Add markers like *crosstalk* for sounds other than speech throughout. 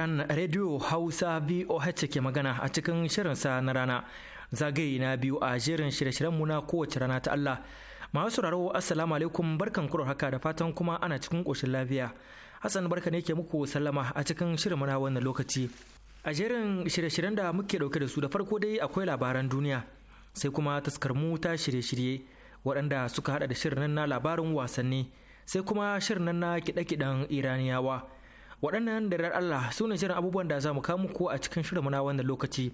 Tehran Radio Hausa VOH ke magana a cikin shirinsa na rana zagaye na biyu a jerin shirye-shiryenmu na kowace rana ta Allah. Masu sauraro Assalamu alaikum barkan kuro haka da fatan kuma ana cikin ƙoshin lafiya. Hassan barka ne ke muku sallama a cikin shirin muna wannan lokaci. A jerin shirye-shiryen da muke ɗauke da su da farko dai akwai labaran duniya sai kuma taskarmu ta shirye-shirye waɗanda suka haɗa da shirin na labarin wasanni sai kuma shirin na kiɗe-kiɗen Iraniyawa. waɗannan da Allah su ne shirin abubuwan da za mu kawo muku a cikin shirin na wannan lokaci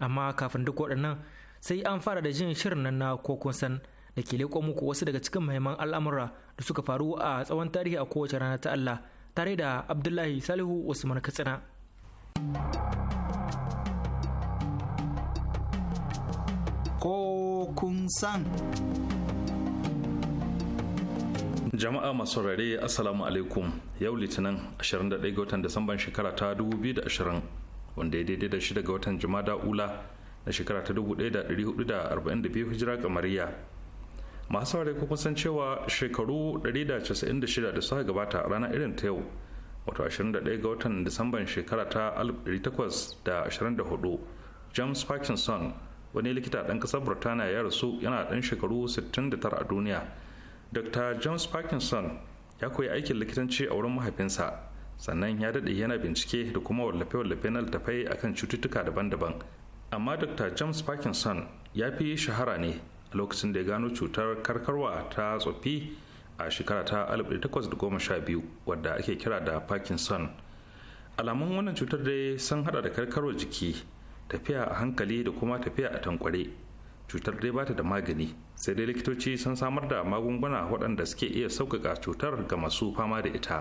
amma kafin duk waɗannan sai an fara da jin shirin nan na kokon san da ke leƙo muku wasu daga cikin mahimman al'amura da suka faru a tsawon tarihi a kowace rana ta Allah tare da Abdullahi Salihu Usman Katsina. Ko kun san. jama'a masu saurare assalamu alaikum yau litinin 21 ga watan disamban shekara ta 2020 wanda ya daidai da shi daga watan jumada ula na shekara ta 1442 hijira kamariya masu saurare kuma san cewa shekaru 196 da suka gabata ranar irin ta yau wato 21 ga watan disamban shekara ta 1824 james parkinson wani likita ɗan ƙasar burtaniya ya rasu yana ɗan shekaru 69 a duniya dr james parkinson ya koyi aikin likitanci a wurin mahaifinsa sannan ya daɗe yana bincike da kuma wallafe-wallafe na littafai akan cututtuka daban-daban amma dr james parkinson ya fi shahara ne a lokacin da ya gano cutar karkarwa ta tsofi a shekara ta 1812 wadda ake kira da parkinson alamun wannan cutar dai sun hada da karkarwar jiki tafiya a hankali da kuma tafiya a tankware cutar dai bata da magani sai dai likitoci sun samar da magunguna waɗanda suke iya sauƙaƙa cutar ga masu fama da ita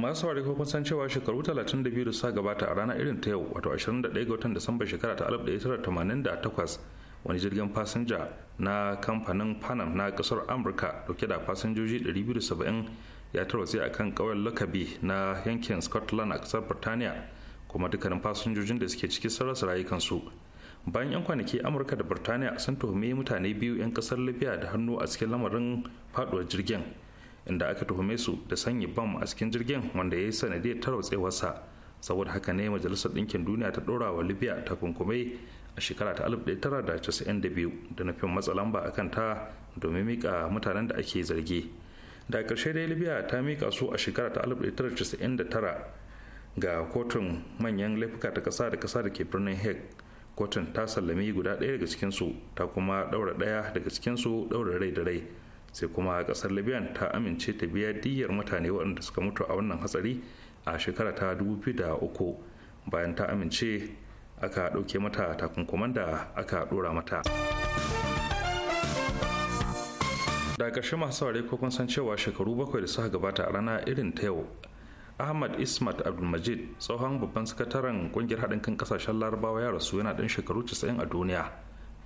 masu saurari kun san cewa shekaru 32 da sa gabata a ranar irin ta yau wato 21 ga watan disamba shekara ta 1988 wani jirgin fasinja na kamfanin panam na kasar amurka dauke da fasinjoji 270 ya tarwatse a kan ƙauyen lakabi na yankin scotland a kasar birtaniya kuma dukkanin fasinjojin da suke ciki sun rasa rayukansu bayan 'yan kwanaki amurka da birtaniya sun tuhumi mutane biyu 'yan kasar libya da hannu a cikin lamarin faduwar jirgin inda aka tuhume su da sanya bam a cikin jirgin wanda ya yi sanadiyar tarwatsewarsa saboda haka ne majalisar ɗinkin duniya ta ɗora wa libya kunkume a shekara ta 1992 da nufin matsa lamba a ta domin mika mutanen da ake zargi da ƙarshe dai libya ta mika su a shekara ta 1999 ga kotun manyan laifuka ta kasa da kasa da ke birnin hague kotun ta sallami guda ɗaya daga cikinsu ta kuma ɗaura ɗaya daga cikinsu ɗaura rai da rai sai kuma ƙasar libyan ta amince ta biya diyyar mutane waɗanda suka mutu a wannan hatsari a shekara ta da uku bayan ta amince aka ɗauke mata takunkuman da aka ɗora mata da ƙarshe masu saurari ko kun san cewa shekaru bakwai da suka gabata a rana irin ta yau ahmad ismat abdulmajid tsohon babban sakataren kungiyar haɗin kan ƙasashen larabawa ya rasu yana ɗan shekaru 90 a duniya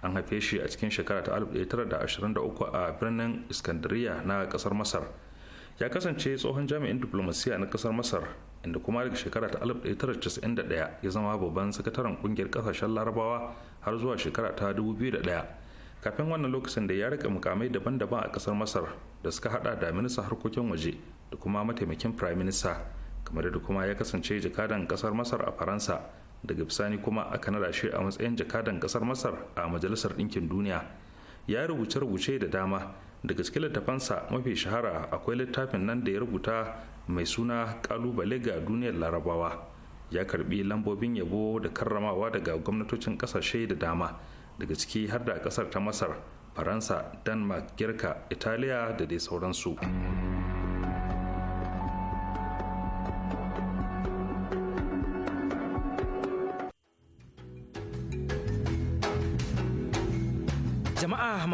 an haife shi a cikin shekara ta 1923 a birnin iskandariya na ƙasar masar ya kasance tsohon jami'in diplomasiya na ƙasar masar inda kuma daga shekara ta 1991 ya zama babban sakataren kungiyar ƙasashen larabawa har zuwa shekara ta 2001 kafin wannan lokacin da ya rika mukamai daban-daban a kasar masar da suka hada da minista harkokin waje da kuma mataimakin firaminista kamar yadda kuma ya kasance jakadan kasar masar a faransa daga bisani kuma a kanada shi a matsayin jakadan kasar masar a majalisar ɗinkin duniya ya rubuce rubuce da dama daga cikin littafansa mafi shahara akwai littafin nan da ya rubuta mai suna kalubale ga duniyar larabawa ya karbi lambobin yabo da karramawa daga gwamnatocin kasashe da dama daga ciki har da kasar ta masar faransa denmark girka italiya da dai sauransu.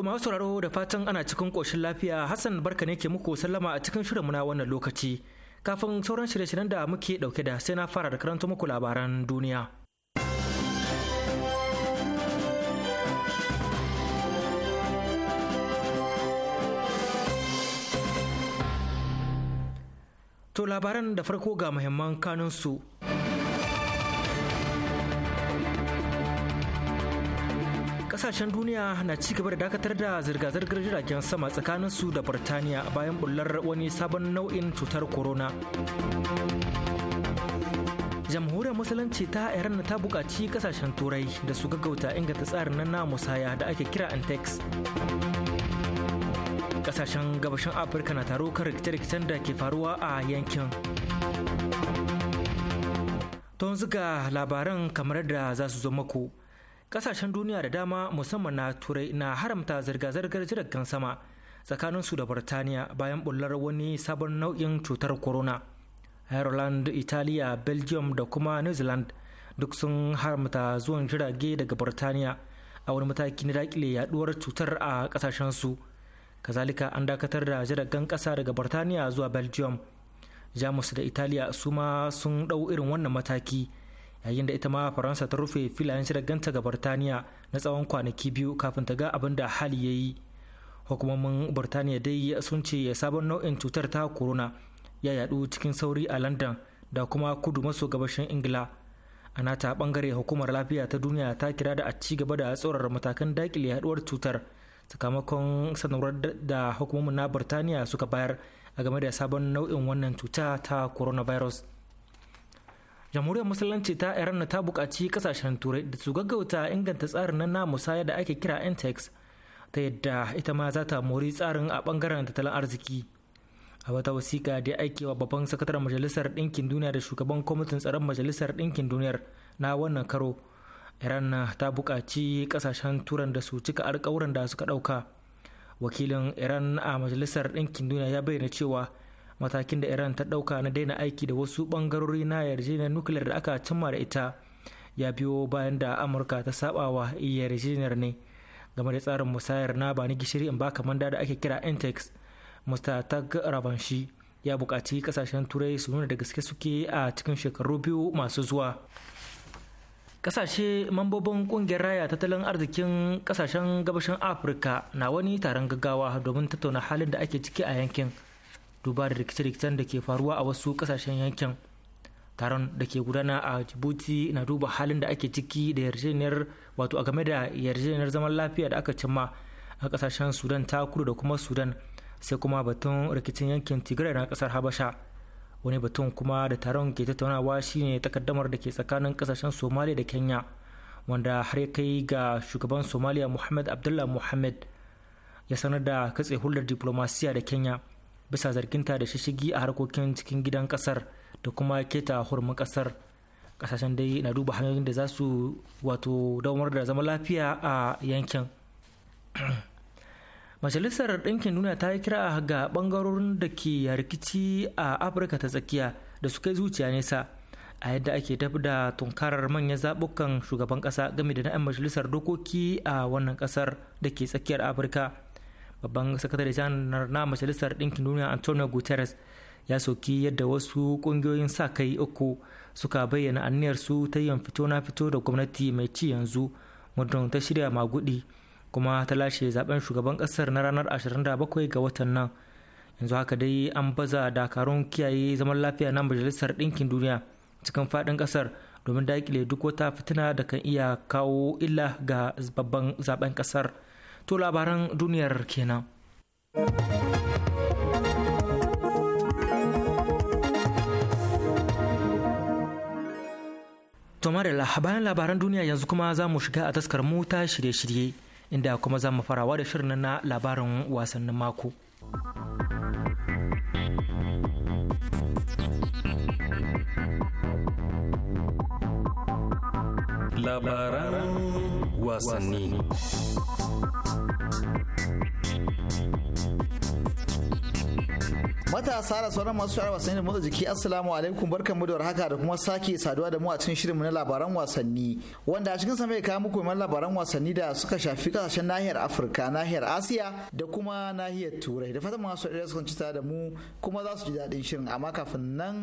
To masu sauraro da fatan ana cikin ƙoshin lafiya Hassan barka ne ke muku sallama a cikin shirinmu na wannan lokaci. Kafin sauran shirye-shiryen da muke ɗauke da sai na fara da karanta muku labaran duniya. To labaran da farko ga muhimman kanunsu. kasashen duniya na ci gaba da dakatar da zirga-zirgar jiragen sama tsakanin su da Burtaniya bayan bullar wani sabon nau'in cutar corona jamhuriyar musulunci ta iran ta bukaci kasashen turai da su gaggauta inganta tsarin nan na musaya da ake kira antex kasashen gabashin afirka na taro kan rikice-rikicen da ke faruwa a yankin don ziga labaran kamar da za su zo maku kasashen duniya da dama musamman na turai na haramta zirga-zirgar jiragen sama tsakanin su da burtaniya bayan bullar wani sabon nau'in cutar corona ireland italiya belgium da kuma new zealand duk sun haramta zuwan jirage daga burtaniya a wani mataki na dakile yaduwar cutar a su kazalika an dakatar da jiragen kasa daga burtaniya zuwa belgium jamus da italiya su ma sun dau irin wannan mataki yayin da ita ma faransa ta rufe filayen shirganta ga birtaniya na tsawon kwanaki biyu kafin ta ga abin da hali ya yi hukumomin birtaniya dai sun ce sabon nau'in cutar ta corona ya yadu cikin sauri a london da kuma kudu maso gabashin ingila a nata bangare hukumar lafiya ta duniya ta kira da a ci gaba da tsorar matakan dakile haduwar cutar sakamakon sanarwar da hukumomin na burtaniya suka bayar a game da sabon nau'in wannan cuta ta coronavirus. jamhuriyar musulunci ta iran ta bukaci kasashen turai da su gaggauta inganta tsarin nan na musaya da ake kira intex ta yadda ita ma za ta mori tsarin a bangaren tattalin arziki a wata wasiƙa da aike wa babban sakataren majalisar ɗinkin duniya da shugaban kwamitin tsaron majalisar ɗinkin duniyar na wannan karo iran ta bukaci kasashen turan da su cika alƙawuran da suka ɗauka wakilin iran a majalisar ɗinkin duniya ya bayyana cewa matakin da iran ta ɗauka na daina aiki da wasu ɓangarori na yarjejeniyar nukiliyar da aka cimma da ita ya biyo bayan da amurka ta sabawa yarjejeniyar ne game da tsarin musayar na bani gishiri in ba kamanda da ake kira intex mr tag ravanshi ya bukaci kasashen turai su nuna da gaske suke a cikin shekaru biyu masu zuwa kasashe mambobin kungiyar raya tattalin arzikin kasashen gabashin afirka na wani taron gaggawa domin tattauna halin da ake ciki a yankin duba da rikice-rikicen da ke faruwa a wasu kasashen yankin taron da ke gudana a jibuti na duba halin da ake ciki da yarjejeniyar wato a game da yarjejeniyar zaman lafiya da aka cimma a kasashen sudan ta kudu da kuma sudan sai kuma batun rikicin yankin tigray na kasar habasha wani batun kuma da taron ke tattaunawa shine takaddamar da ke tsakanin kasashen somalia da kenya wanda har ya kai ga shugaban somaliya muhammad abdullah muhammad ya sanar da katse hulɗar diplomasiya da kenya bisa zarginta da shishigi a harkokin cikin gidan kasar da kuma keta hurumin kasar kasashen dai na duba hanyoyin da za su wato damar da zama lafiya a yankin *clears throat* majalisar ɗinkin duniya ta yi kira ga ɓangarorin da ke rikici a afirka ta tsakiya da su kai zuciya nesa a yadda ake tafi da tunkarar manyan zaɓukan shugaban ƙasa game da na'yan majalisar dokoki a wannan ƙasar da ke tsakiyar afirka babban sakatare janar na majalisar ɗinkin duniya antonio guterres ya soki yadda wasu ƙungiyoyin sa kai uku suka bayyana aniyarsu ta yin fito na fito da gwamnati mai ci yanzu muddin ta shirya magudi kuma ta lashe zaben shugaban ƙasar na ranar 27 ga watan nan yanzu haka dai an baza dakarun kiyaye zaman lafiya na majalisar ɗinkin duniya cikin faɗin ƙasar domin daƙile duk wata fitina da kan iya kawo illa ga babban zaben ƙasar. to labaran duniyar kenan. Tomarela bayan labaran duniya yanzu kuma za mu shiga a taskar mota shirye-shirye inda kuma za mu farawa da shirin na labarin wasannin mako. Labaran wasanni. matasa da sauran masu shawarar wasanni da motsa jiki assalamu alaikum barkan mu da warhaka da kuma sake saduwa da mu a cikin shirinmu na labaran wasanni wanda a cikin sa mai kawo muku labaran wasanni da suka shafi kasashen nahiyar afirka nahiyar asiya da kuma nahiyar turai da fatan masu da suka cita da mu kuma za su ji daɗin shirin amma kafin nan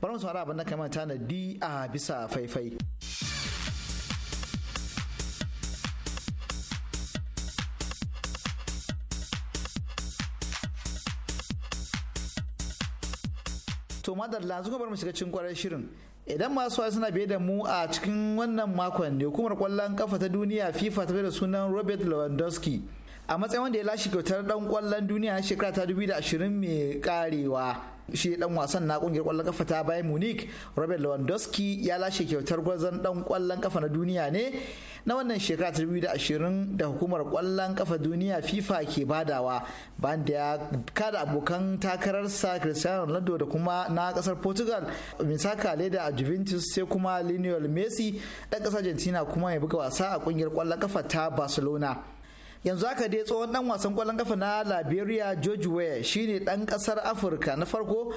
bari mu saurara abin da kamar tanadi a bisa faifai. to madalla zuka bar mu shiga cikin kwarar shirin idan masu wasu suna biye da mu a cikin wannan makon ne hukumar kwallon kafa ta duniya fifa ta da sunan robert lewandowski a matsayin wanda ya lashe kyautar dan kwallon duniya shekara ta 2020 mai karewa shi dan wasan na kungiyar kwallon kafa ta Bayern Munich Robert Lewandowski ya lashe kyautar gwazon dan kwallon kafa na duniya ne na wannan shekara ta 2020 da hukumar kwallon kafa duniya FIFA ke badawa bayan da ya kada abokan takararsa Cristiano Ronaldo da kuma na kasar Portugal Misaka Leda a Juventus sai kuma Lionel Messi dan kasar Argentina kuma mai buga wasa a kungiyar kwallon kafa ta Barcelona yanzu haka dai tsohon dan wasan kwallon kafa na liberia george weah shine dan kasar afirka na farko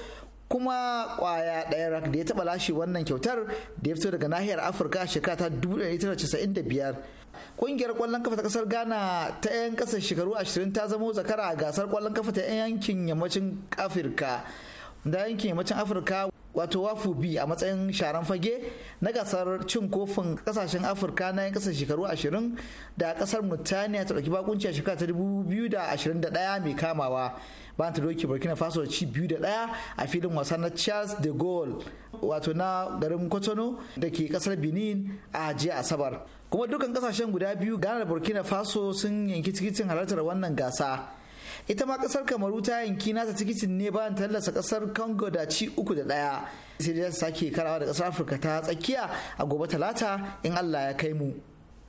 kuma kwaya ɗaya rak da ya taba lashe wannan kyautar da ya fito daga nahiyar afirka a shekara ta 1995 kungiyar kwallon kafa ta kasar ghana ta 'yan kasa shekaru ashirin ta zamo zakara a gasar kwallon kafa ta 'yan yankin yammacin afirka da yankin yammacin afirka wato wafu b a matsayin sharan fage na gasar cin kofin kasashen afirka na yan kasar shekaru 20 da kasar murtaniya ta dauki bakunci a shekara ta 2021 mai kamawa bayan ta doki burkina faso ci biyu da daya a filin wasa na charles de gaulle wato na garin kotono da ke kasar benin a jiya asabar kuma dukkan kasashen guda biyu ghana da burkina faso sun yanki tikitin halartar wannan gasa ita ma kasar kamaru ta yanki nasa tikitin ne bayan tallasa kasar congo da ci uku da ɗaya sai da sake karawa da kasar afirka ta tsakiya a gobe talata in allah ya kai mu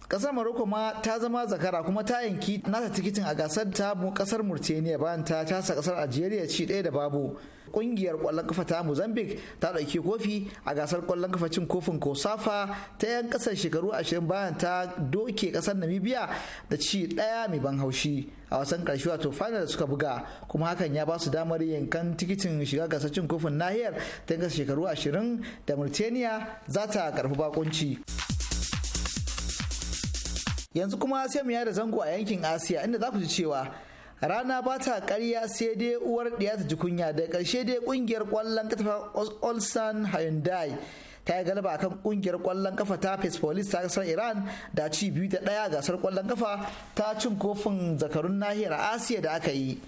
kasar Morocco ma ta zama zakara kuma ta yanki nata tikitin a gasar ta kasar Murtaniya bayan ta tasa kasar Algeria ci daya da babu. Kungiyar kwallon kafa ta Mozambique ta ɗauki kofi a gasar kwallon kafa cin kofin Kosafa ta yan kasar shekaru ashirin bayan ta doke kasar Namibia da ci ɗaya mai ban haushi. a wasan karshe wato final da suka buga kuma hakan ya ba su damar yankan tikitin shiga gasar cin kofin nahiyar ta yan kasar shekaru ashirin da Murtaniya za ta karfi bakunci. yanzu kuma sai mu yada zango a yankin asiya inda za ku ji cewa rana ba ta karya sai dai uwar ɗiya ta ji kunya da karshe dai kungiyar kwallon kafa olsan hyundai ta yi galaba akan kungiyar kwallon kafa ta police ta kasar iran da ci biyu da ɗaya gasar kwallon kafa ta cin kofin zakarun nahiyar asiya da aka yi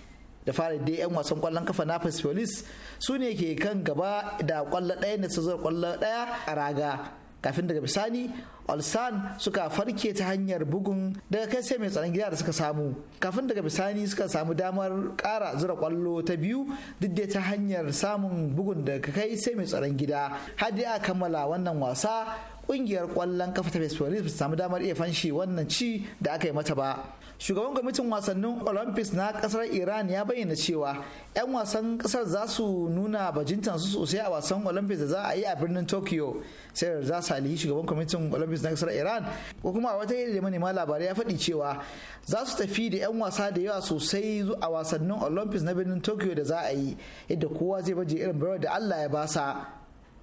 da fara dai yan wasan kwallon kafa na police su ne ke kan gaba da kwallo ɗaya da su kwallo ɗaya a raga kafin daga bisani olsan suka farke ta hanyar bugun daga kai sai mai tsaron gida da suka samu kafin daga bisani suka samu damar kara zura kwallo ta biyu duk da ta hanyar samun bugun daga kai sai mai tsaron gida har a kammala wannan wasa kungiyar kwallon kafa ta baseball ba samu damar iya fanshi wannan ci da aka yi mata ba shugaban kwamitin wasannin olympics na kasar iran ya bayyana cewa 'yan wasan kasar za su nuna bajintan su sosai a wasan olympics da za a yi a birnin tokyo sai za su alihi shugaban kwamitin olympics na kasar iran ko kuma a wata yadda da manema labarai ya faɗi cewa za su tafi da 'yan wasa da yawa sosai a wasannin olympics na birnin tokyo da za a yi yadda kowa zai baje irin bayar da allah ya basa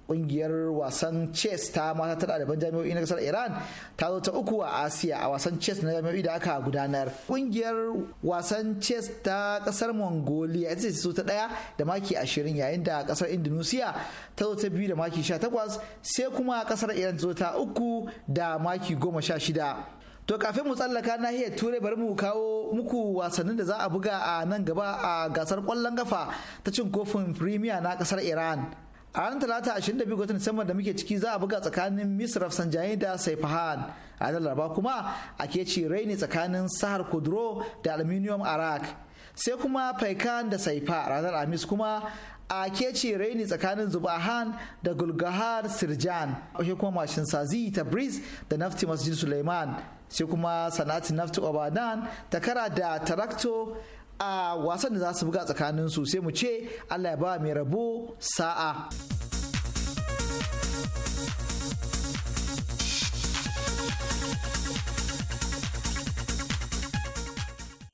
kungiyar wasan chess ta mata ta ɗaliban jami'o'i na kasar iran ta zo ta uku a asiya a wasan chess na jami'o'i da aka gudanar kungiyar wasan chess ta ƙasar mongolia ita ce ta ɗaya da maki ashirin yayin da kasar indonesia ta zo ta biyu da maki sha takwas sai kuma ƙasar iran ta zo ta uku da maki goma sha shida To kafin mu tsallaka nahiyar turai bari mu kawo muku wasannin da za a buga a nan gaba a gasar kwallon kafa ta cin kofin premier na kasar Iran. a ranar talata 22 ga watan da muke ciki za a buga tsakanin misraf Sanjayi da Saifahan a ranar Laraba kuma a keci raini tsakanin Sahar Kuduro da Aluminium Arak sai kuma Faikan da Saifa ranar Amis kuma a keci raini tsakanin Zubahan da Gulgahar Sirjan sai kuma Mashin Sazi ta Tabriz da Nafti Masjid Suleiman sai kuma Sanati Nafti Obadan takara da Tarakto a wasan da za su buga tsakanin su sai mu ce allah ya ba mai rabo sa'a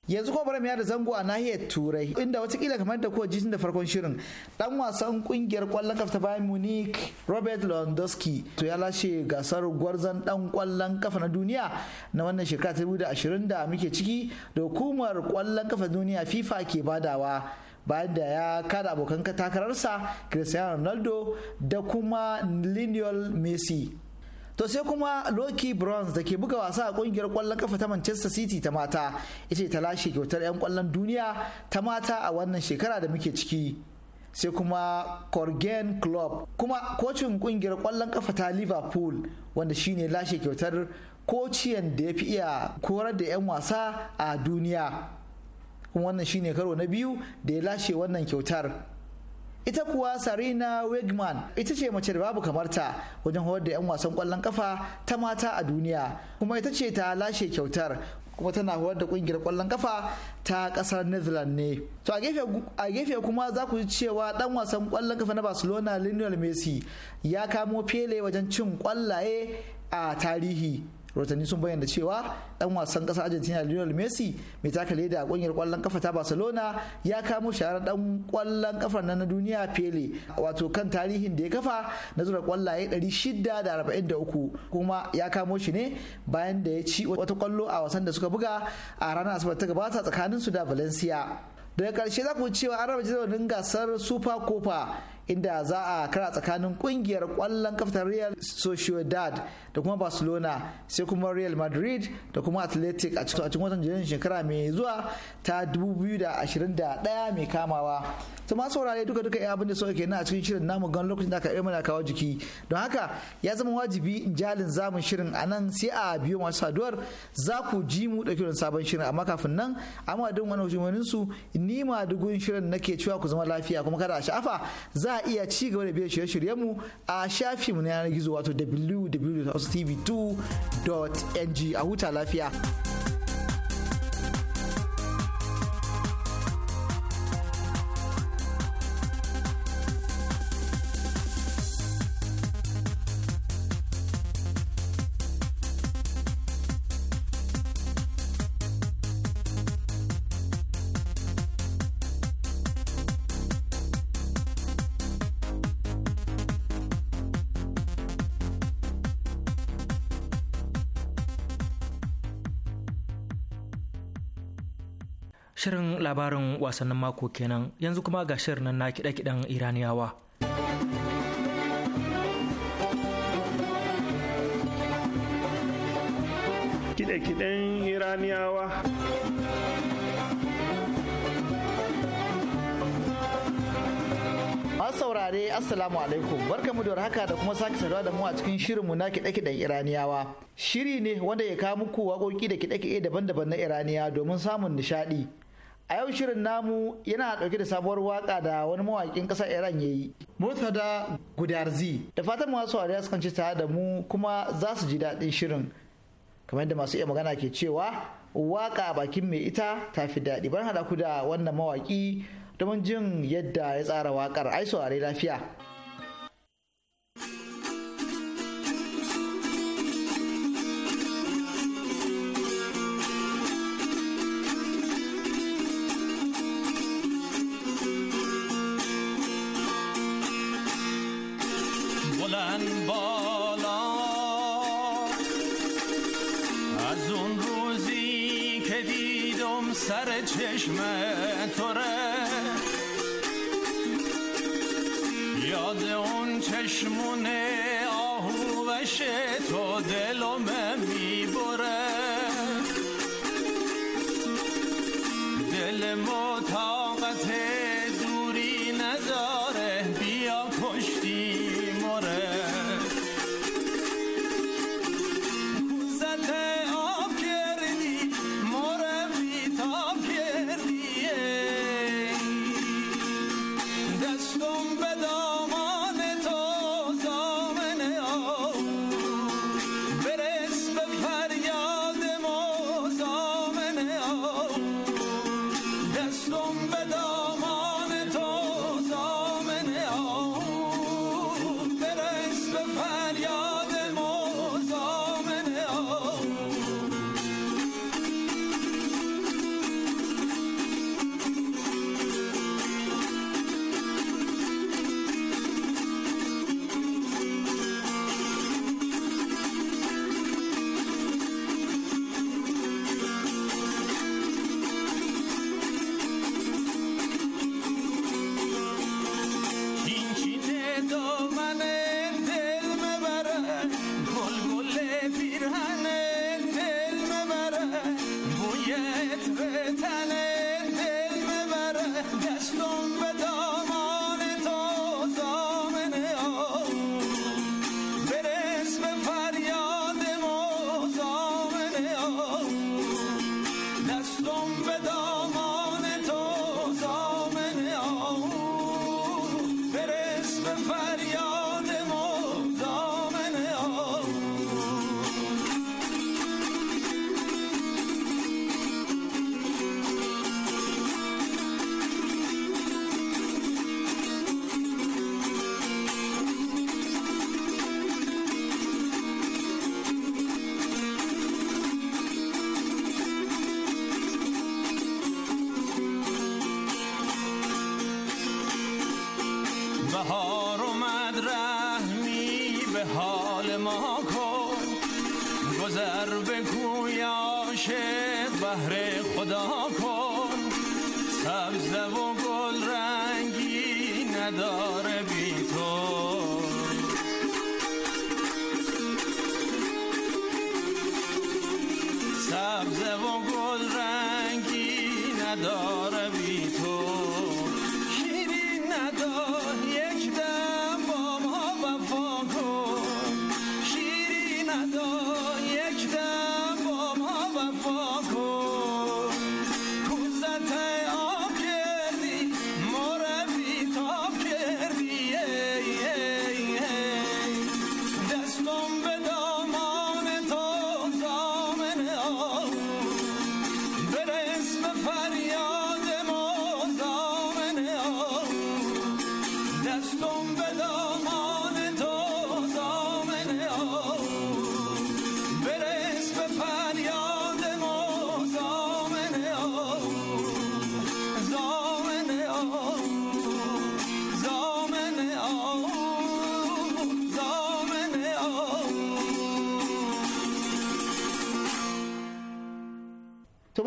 yanzu kuma bari mu yada zango a nahiyar turai inda watakila kamar da kuwa jisun da farkon shirin dan wasan kungiyar kwallon kafa ta bayan munich robert lewandowski to ya lashe gasar gwarzon dan kwallon kafa na duniya na wannan shekara ta ashirin da muke ciki da hukumar kwallon kafa duniya fifa ke badawa bayan da ya kada abokan takararsa cristiano ronaldo da kuma lionel messi to sai kuma loki bronze da ke buga wasa a kungiyar kwallon kafa ta manchester city ta mata ita ta lashe kyautar 'yan kwallon duniya ta mata a wannan shekara da muke ciki sai kuma corgan club kuma kocin kungiyar kwallon kafa ta liverpool wanda shine lashe kyautar kociyan da ya fi iya korar da 'yan wasa a duniya kuma wannan shine karo na biyu da ya lashe wannan kyautar ita kuwa sarina wegman ita ce mace da babu kamarta wajen horar da 'yan wasan kwallon kafa ta mata a duniya kuma ita ce ta lashe kyautar kuma tana horar da kungiyar kwallon kafa ta kasar netherlands ne to a gefe kuma za ku ji cewa dan wasan kwallon kafa na barcelona lionel messi ya kamo pele wajen cin kwallaye a tarihi rotanni sun bayyana cewa dan wasan kasar argentina lionel messi mai taka leda a kungiyar kwallon kafa ta barcelona ya kamo shahara dan kwallon kafar na duniya pele wato kan tarihin da ya kafa na zura kwallaye 643 kuma ya kamo shi ne bayan da ya ci wata kwallo a wasan da suka buga a ranar asabar ta gabata tsakanin su da valencia daga karshe za ku cewa an raba jadawalin gasar super copa inda za a kara tsakanin kungiyar kwallon kaftar real sociedad da kuma barcelona sai kuma real madrid da kuma athletic a cikin watan jirgin shekara mai zuwa ta 2021 mai kamawa ta masu saurare duka duka abin da suka na a cikin shirin namu gan lokacin da aka yi mana kawo jiki don haka ya zama wajibi in jalin zamun shirin a nan sai a biyo masu saduwar za ku ji mu dauke wani sabon shirin amma kafin nan amma duk wani hukumomin su ni ma dugun shirin ke cewa ku zama lafiya kuma kada a sha'afa za za a iya ci gaba da biyan shirye-shiryenmu a shafinmu na yanar gizo wato www.tv2.ng a huta lafiya. labarin wasannin mako kenan yanzu kuma ga shirin na kiɗe-kiɗen iraniyawa kiɗe-kiɗen iraniyawa saurare assalamu alaikum barkamu da haka da kuma sake saduwa da mu a cikin shirinmu na kiɗe-kiɗen iraniyawa shiri ne wanda ya kawo muku waƙoƙi da kiɗe-kiɗe daban-daban na iraniya domin samun nishaɗi a yau shirin namu yana dauke da sabuwar waka da wani mawaƙin kasar iran ya yi murtada gudarzi da fatan masu wariya sukan ci tare da mu kuma za su ji daɗin shirin kamar yadda masu iya magana ke cewa waka bakin mai ita ta fi daɗi bar haɗa ku da wannan mawaƙi domin jin yadda ya tsara waƙar ai saurari lafiya. یاد اون چشمونه آهوش تو دلم میبره دل ما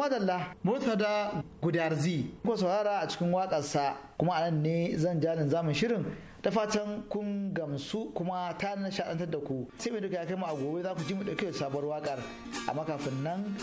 madalla murtada gudarzi ko saurara a cikin waƙarsa kuma a nan ne zan jalin zamun shirin da fatan kun gamsu kuma ta nishaɗantar da ku sai mai duka ya kai mu a gobe za ku ji mu ɗauke da sabuwar waƙar amma kafin nan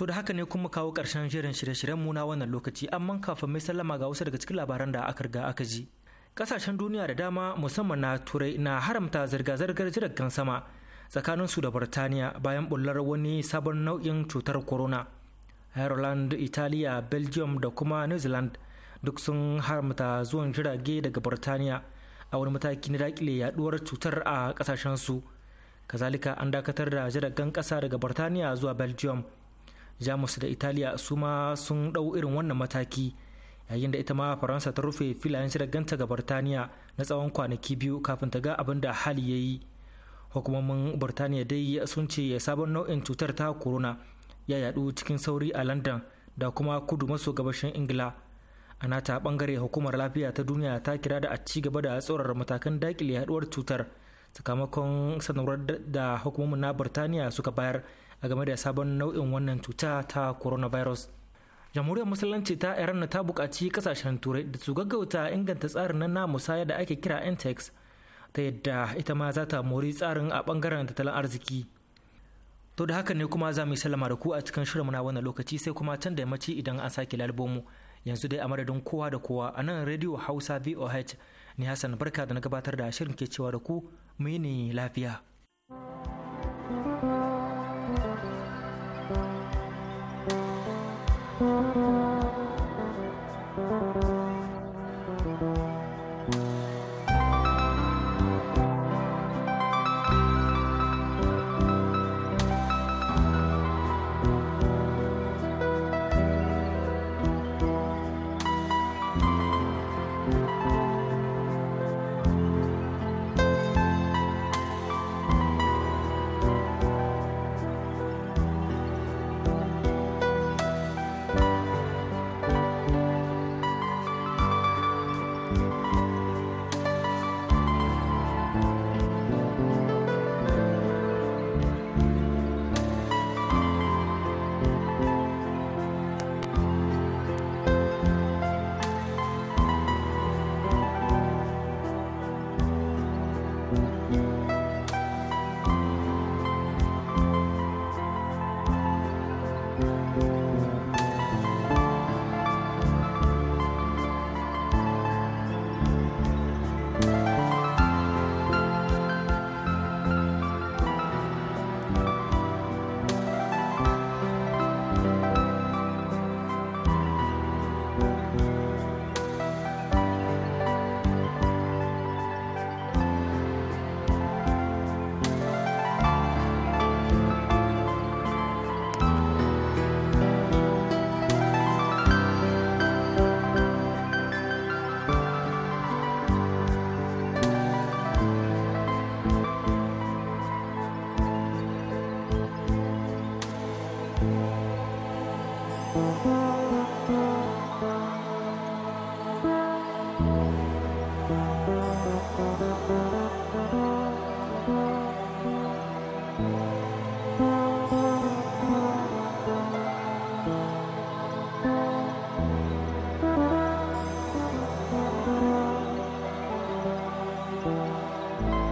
To da haka ne kuma kawo ƙarshen shirin shirye-shiryen mu na wannan lokaci amma kafin mai sallama ga wasu daga cikin labaran da aka riga aka ji. ƙasashen duniya da dama musamman na Turai na haramta zirga-zirgar jiragen sama tsakanin su da burtaniya bayan bullar wani sabon nau'in cutar corona. Ireland, Italiya, Belgium da kuma New Zealand duk sun haramta zuwan jirage daga burtaniya a wani mataki na dakile yaduwar cutar a kasashen su. Kazalika an dakatar da jiragen kasa daga burtaniya zuwa Belgium. jamus da italiya su ma sun dau irin wannan mataki yayin da ita ma faransa ta rufe filayen ganta ga birtaniya na tsawon kwanaki biyu kafin ta ga abin da hali ya yi hukumomin birtaniya dai sun ce ya sabon nau'in cutar ta corona ya yadu cikin sauri a london da kuma kudu maso gabashin ingila a nata bangare hukumar lafiya ta duniya ta kira da a ci gaba da tsorar matakan dakile yaduwar cutar sakamakon sanarwar da hukumomin na birtaniya suka bayar a game da sabon nau'in wannan cuta ta coronavirus jamhuriyar musulunci ta iran ta buƙaci kasashen turai da su gaggauta inganta tsarin nan na musaya da ake kira intex ta yadda ita ma za ta mori tsarin a bangaren tattalin arziki to da haka ne kuma za mu yi sallama da ku a cikin shirin na wannan lokaci sai kuma can da yammaci idan an sake mu yanzu dai a madadin kowa da kowa a nan rediyo hausa voh ni hassan barka da na gabatar da shirin ke cewa da ku mu yi ne lafiya